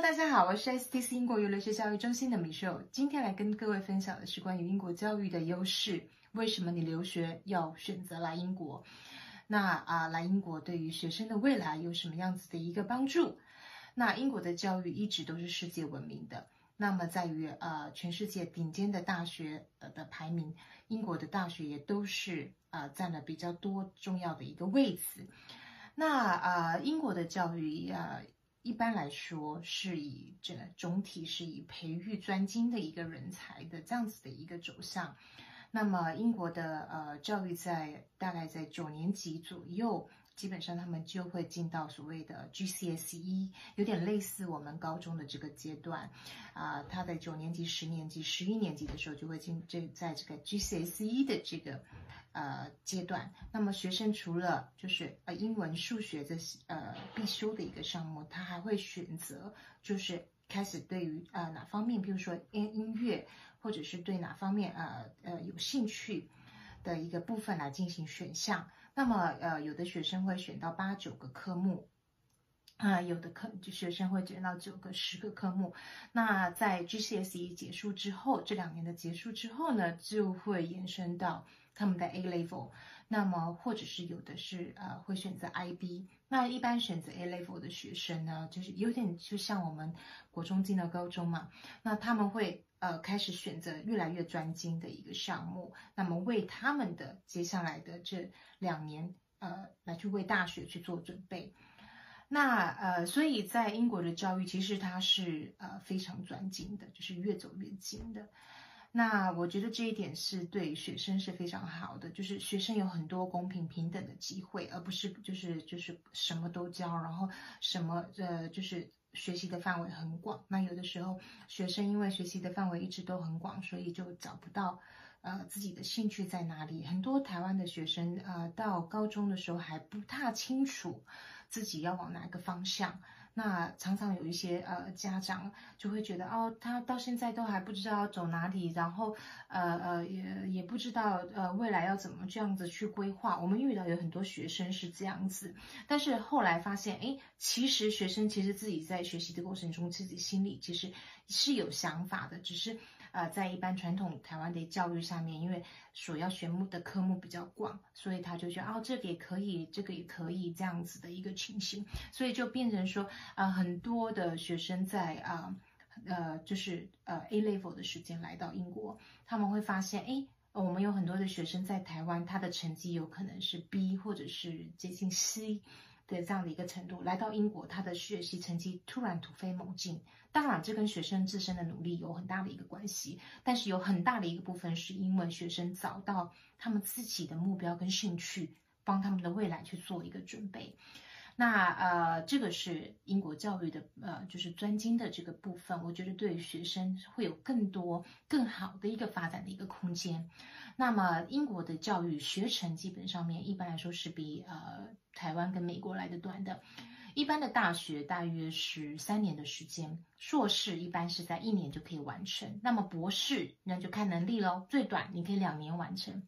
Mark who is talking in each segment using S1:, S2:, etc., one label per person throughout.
S1: 大家好，我是 STS 英國遊留學教育中心的米秀。今天來跟各位分享的是關於英國教育的優勢，為什麼你留學要選擇來英國？那啊、呃，來英國對於學生的未來有什麼樣子的一個幫助？那英國的教育一直都是世界聞名的。那麼，在於呃全世界頂尖的大學的排名，英國的大學也都是啊、呃、佔了比較多重要的一個位置。那啊、呃，英國的教育啊。呃一般來說，是以這個總體是以培育專精的一個人才的這樣子的一個走向。那麼，英國的呃教育在大概在九年級左右。基本上他們就會進到所謂的 GCSE，有點類似我們高中的這個階段，啊、呃，他在九年級、十年級、十一年級的時候就會進這在這個 GCSE 的這個呃階段。那麼學生除了就是呃英文、數學的呃必修的一個項目，他還會選擇就是開始對於呃哪方面，比如說音音樂，或者是對哪方面呃呃有興趣的一個部分來進行選項。那麼呃，有的學生會選到八九個科目，啊、呃，有的科，就學生會選到九個、十個科目。那在 GCSE 結束之後，這兩年的結束之後呢，就會延伸到他們的 A level。那麼，或者是有的是呃會選擇 IB。那一般選擇 A level 的學生呢，就是有點就像我們國中進到高中嘛，那他們會。呃，開始選擇越來越專精的一個項目，那麼為他們的接下來的這兩年，呃，來去為大學去做準備。那呃，所以在英國的教育其實它是呃非常專精的，就是越走越精的。那我覺得這一點是對學生是非常好的，就是學生有很多公平平等的機會，而不是就是就是什麼都教，然後什麼呃就是。學習的範圍很廣，那有的時候學生因為學習的範圍一直都很廣，所以就找不到，呃，自己的興趣在哪裡。很多台灣的學生，呃，到高中的時候還不太清楚自己要往哪個方向。那常常有一些呃家長就會覺得哦，他到現在都還不知道走哪裡，然後呃呃也也不知道呃未來要怎麼這樣子去規劃。我們遇到有很多學生是這樣子，但是後來發現，哎，其實學生其實自己在學習的過程中，自己心裡其實是有想法的，只是。啊、呃，在一般傳統台灣的教育上面，因為所要選目的科目比較廣，所以他就覺得，哦，這個也可以，這個也可以這樣子的一個情形，所以就變成說啊、呃，很多的學生在啊呃，呃就是呃 A level 的時間來到英國，他們會發現誒，我們有很多的學生在台灣，他的成績有可能是 B 或者是接近 C。的這樣的一個程度，來到英國，他的學習成績突然突飛猛進。當然，這跟學生自身的努力有很大的一個關係，但是有很大的一個部分是因為學生找到他們自己的目標跟興趣，幫他們的未來去做一個準備。那呃，這個是英國教育的，呃，就是專精的這個部分，我覺得對學生會有更多更好的一個發展的一個空間。那麼英國的教育學程基本上面一般來說是比呃台灣跟美國來的短的，一般的大學大約是三年的時間，碩士一般是在一年就可以完成，那麼博士那就看能力咯，最短你可以兩年完成。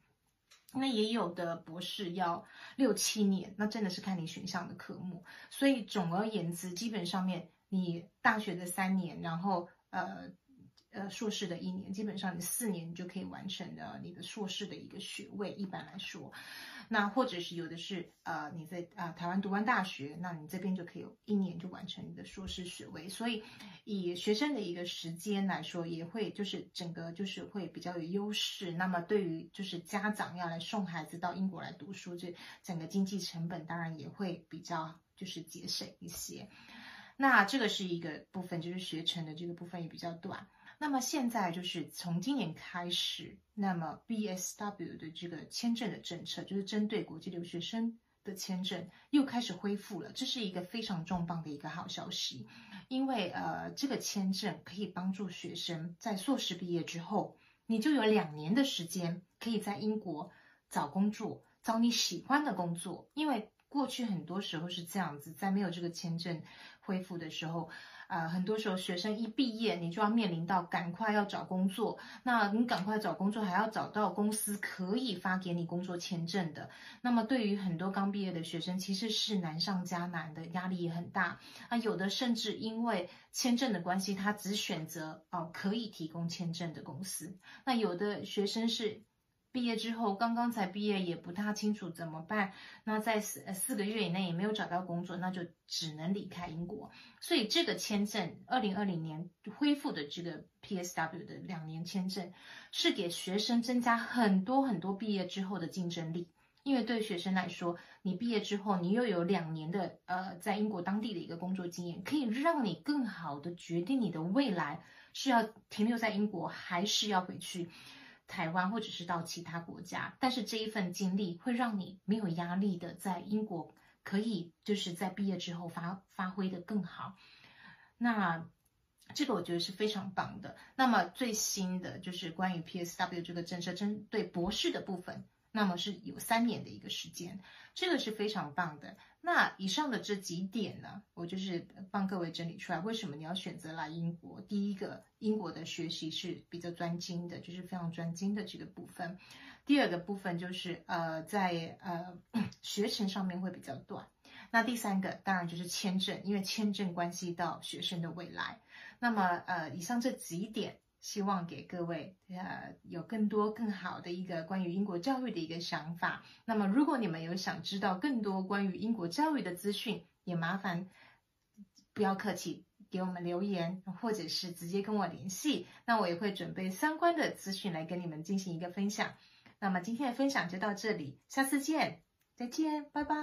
S1: 那也有的博士要六七年，那真的是看你選項的科目。所以總而言之，基本上面你大學的三年，然後呃呃碩士的一年，基本上你四年你就可以完成了你的碩士的一個學位，一般來說。那或者是有的是，呃，你在啊、呃、台灣讀完大學，那你這邊就可以有一年就完成你的碩士學位。所以，以學生的一個時間來說，也會就是整個就是會比較有優勢。那麼對於就是家長要來送孩子到英國來讀書，這整個經濟成本當然也會比較就是節省一些。那這個是一個部分，就是學程的這個部分也比較短。那麼現在就是從今年開始，那麼 BSW 的這個簽證的政策，就是針對國際留學生的簽證又開始恢復了，這是一個非常重磅的一個好消息，因為呃，這個簽證可以幫助學生在碩士畢業之後，你就有兩年的時間可以在英國找工作，找你喜歡的工作，因為。過去很多時候是這樣子，在沒有這個簽證恢復的時候，啊、呃，很多時候學生一畢業，你就要面臨到趕快要找工作，那你趕快找工作還要找到公司可以發給你工作簽證的，那麼對於很多剛畢業的學生，其實是難上加難的，壓力也很大，那有的甚至因為簽證的關係，他只選擇啊、呃，可以提供簽證的公司，那有的學生是。畢業之後，剛剛才畢業也不太清楚怎麼辦。那在四、呃、四個月以內也沒有找到工作，那就只能離開英國。所以這個簽證，二零二零年恢復的這個 PSW 的兩年簽證，是給學生增加很多很多畢業之後的競爭力。因為對學生來說，你畢業之後，你又有兩年的呃在英國當地的一個工作經驗，可以讓你更好的決定你的未來是要停留在英國，還是要回去。台灣或者是到其他國家，但是這一份經歷會讓你沒有壓力的在英國可以就是在畢業之後發發揮得更好。那這個我覺得是非常棒的。那麼最新的就是關於 PSW 這個政策，針對博士的部分。那麼是有三年的一個時間，這個是非常棒的。那以上的這幾點呢，我就是幫各位整理出來，為什麼你要選擇來英國？第一個，英國的學習是比較專精的，就是非常專精的這個部分；第二個部分就是呃，在呃學程上面會比較短；那第三個當然就是簽證，因為簽證關係到學生的未來。那麼呃，以上這幾點。希望給各位呃有更多更好的一個關於英國教育的一個想法。那麼，如果你們有想知道更多關於英國教育的資訊，也麻煩不要客氣給我們留言，或者是直接跟我聯繫。那我也會準備相關的資訊來跟你們進行一個分享。那麼今天的分享就到這裡，下次見，再見，拜拜。